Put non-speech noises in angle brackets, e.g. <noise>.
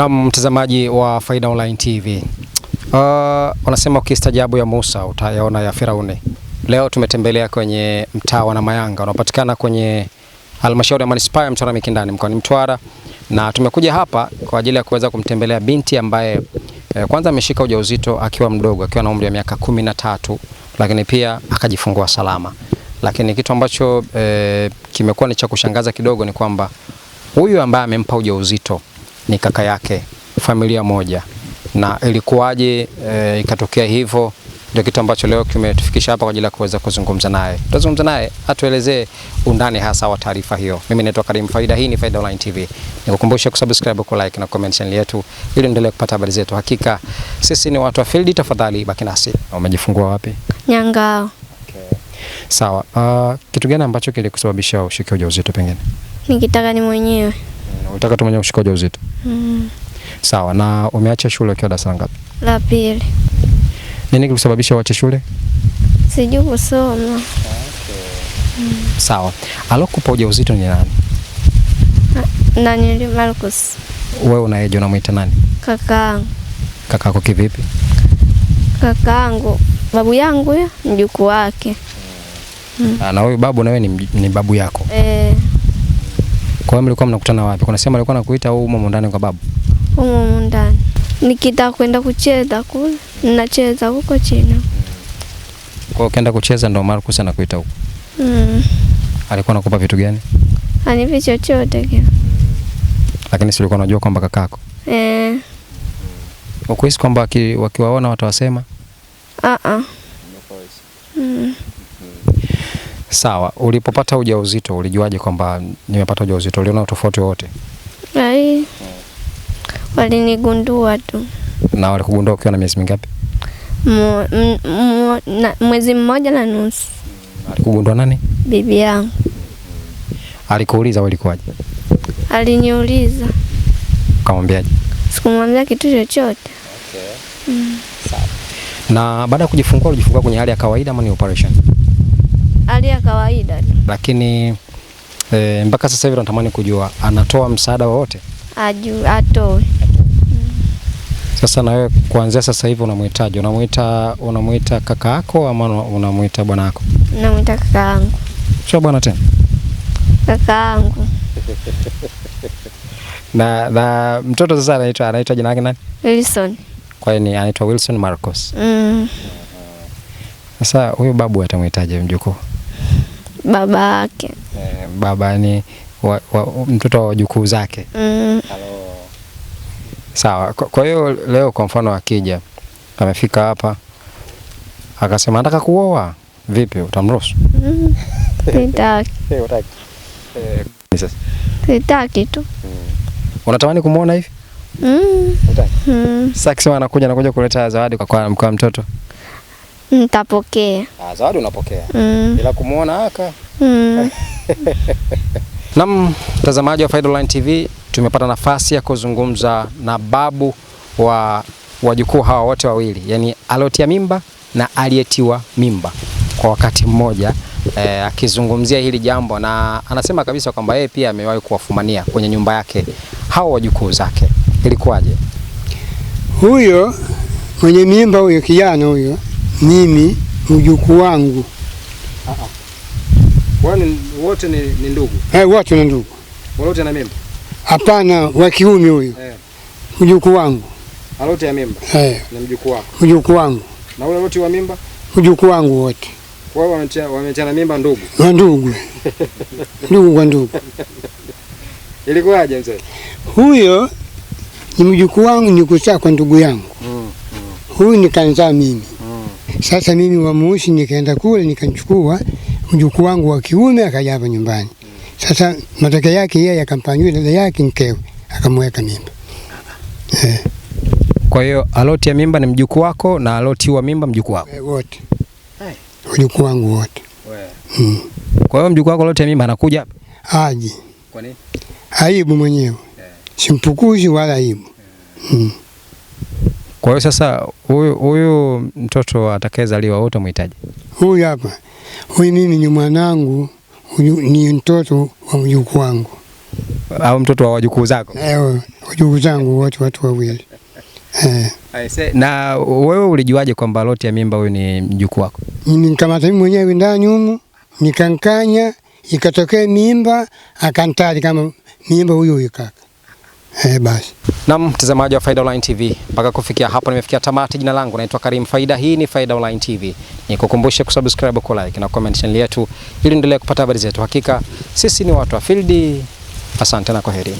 Na mtazamaji wa Faida Online TV, uh, ah, wanasema ukistajabu ya Musa utayaona ya Firauni. Leo tumetembelea kwenye mtaa wa Namayanga unaopatikana kwenye halmashauri ya manispaa ya Mtwara Mikindani mkoani Mtwara, na tumekuja hapa kwa ajili ya kuweza kumtembelea binti ambaye eh, kwanza ameshika ujauzito akiwa mdogo akiwa na umri wa miaka kumi na tatu, lakini pia akajifungua salama. Lakini kitu ambacho eh, kimekuwa ni cha kushangaza kidogo ni kwamba huyu ambaye amempa ujauzito ni kaka yake, familia moja. Na ilikuwaje e, ikatokea hivyo? Ndio kitu ambacho leo kimetufikisha hapa kwa ajili ya kuweza kuzungumza naye. Tutazungumza naye atuelezee undani hasa wa taarifa hiyo. Mimi naitwa Karim Faida, hii ni Faida Online TV. Nikukumbusha kusubscribe, ku like na comment channel yetu ili endelee kupata habari zetu. Hakika sisi ni watu wa field, tafadhali baki nasi. Umejifungua wapi? Nyanga. Okay. Sawa. Uh, kitu gani ambacho kilikusababisha ushike ujauzito pengine? Nikitaka ni mwenyewe. Unataka tu mwenyewe kushika ujauzito? Mm. Sawa, na umeacha shule ukiwa darasa ngapi? La pili. Nini kilisababisha uache shule? Sijui kusoma. Okay. Mm. Sawa. Alokupa ujauzito ni nani? Nani Marcus. Wewe unaeje, unamuita nani? Kakaangu. Kakako kivipi? Kakaangu babu yangu ya mjukuu wake. Mm. Na huyu babu na wewe ni, ni babu yako? Eh. Kwa hiyo mlikuwa mnakutana wapi? Kuna sehemu alikuwa anakuita au umo ndani kwa babu? Umo ndani. Nikitaka kwenda kucheza kule, ninacheza huko chini. Kwa hiyo ukienda kucheza ndo Marcus anakuita huko. Mm. Alikuwa anakupa vitu gani? Anipi chochote kile. Lakini si ulikuwa unajua kwamba kakako? Eh. Ukuhisi kwamba wakiwaona watawasema? Ah uh ah. -uh. Sawa, ulipopata ujauzito ulijuaje kwamba nimepata ujauzito? Uliona tofauti wowote? Ai, walinigundua tu. Na walikugundua ukiwa na miezi mingapi? Mwezi mmoja na nusu. Alikugundua nani? Bibi yangu. Alikuuliza ulikuwaje? Aliniuliza. Ukamwambiaje? Sikumwambia kitu chochote. Okay. Mm. Sawa. Na baada ya kujifungua ulijifungua kwenye hali ya kawaida ama ni operation? hali ya kawaida. Lakini e, mpaka sasa hivi natamani kujua anatoa msaada wowote atoe? mm. Sasa na wewe kuanzia sasa hivi unamhitaji, unamuita unamuita kaka yako ama unamuita bwana yako? Namuita kaka yangu. Sio bwana tena, kaka yangu <laughs> na, na mtoto sasa anaitwa anaitwa jina lake nani? Wilson. Kwa hiyo anaitwa Wilson Marcos. Mm. Sasa mm. huyu babu atamhitaji mjukuu baba yake eh, baba ni wa, wa, mtoto wa wajukuu zake mm. Sawa. Kwa hiyo leo kwa mfano akija amefika hapa akasema nataka kuoa, vipi, utamruhusu? Mm. <laughs> Eh, eh, Sitaki. tu. Mm. Unatamani kumwona hivi? Mm. mm. Sasa akisema anakuja anakuja kuleta zawadi kwa, mkoa mtoto Nitapokea. Mm, ah, zawadi unapokea. Mm. kumuona aka. Mm. <laughs> mtazamaji wa Faida Online TV, tumepata nafasi ya kuzungumza na babu wa wajukuu hawa wote wawili, yaani aliotia mimba na aliyetiwa mimba kwa wakati mmoja eh, akizungumzia hili jambo na anasema kabisa kwamba yeye pia amewahi kuwafumania kwenye nyumba yake hawa wajukuu zake. Ilikuwaje? Huyo mwenye mimba huyo kijana huyo mimi mjukuu wangu ah, ah. wote ni, ni ndugu eh, wote ni ndugu wote na mimba? Hapana, wa kiume huyu eh. Mjukuu wangu Alote ya mimba eh. Na mjukuu wako? Mjukuu wangu na wale wote wa mimba? Mjukuu wangu wote kwa hiyo na mimba ndugu wa ndugu ndugu kwa ndugu. Ilikuwaje mzee? Huyo ni mjukuu wangu, nikuzaa kwa ndugu yangu mm, mm. Huyu nikanzaa mimi sasa mimi wa Moshi nikaenda kule nikamchukua mjukuu wangu wa kiume akaja hapa nyumbani. Sasa matokeo yake yeye akampanyua dada yake mkewe akamweka mimba. Eh. Kwa hiyo aloti ya mimba ni mjukuu wako na aloti wa mimba mjukuu wako. Eh, wote. Mjukuu wangu wote. Wewe. Mm. Kwa hiyo mjukuu wako aloti ya mimba anakuja Aje. Kwa nini? Aibu mwenyewe. Yeah. Simpukuzi wala aibu. Yeah. Mm. Kwa hiyo sasa huyu mtoto atakayezaliwa wewe utamhitaji? Huyu hapa, huyu mimi ni mwanangu, ni mtoto wa mjukuu wangu au mtoto wa wajukuu zako? Eh, wajukuu zangu wote watu wawili. Eh. Na wewe ulijuaje kwamba loti ya mimba huyu ni mjukuu wako? Nikamata mimi mwenyewe ndani humu, nikankanya, ikatokea mimba, akantaji kama mimba huyu huyu kaka. Eh, basi. Na mtazamaji wa Faida Online TV, mpaka kufikia hapo nimefikia tamati. Jina langu naitwa Karim Faida, hii ni Faida Online TV. Nikukumbushe kusubscribe, ku like na comment channel yetu ili endelee kupata habari zetu. Hakika sisi ni watu wa field. Asante na kwaheri.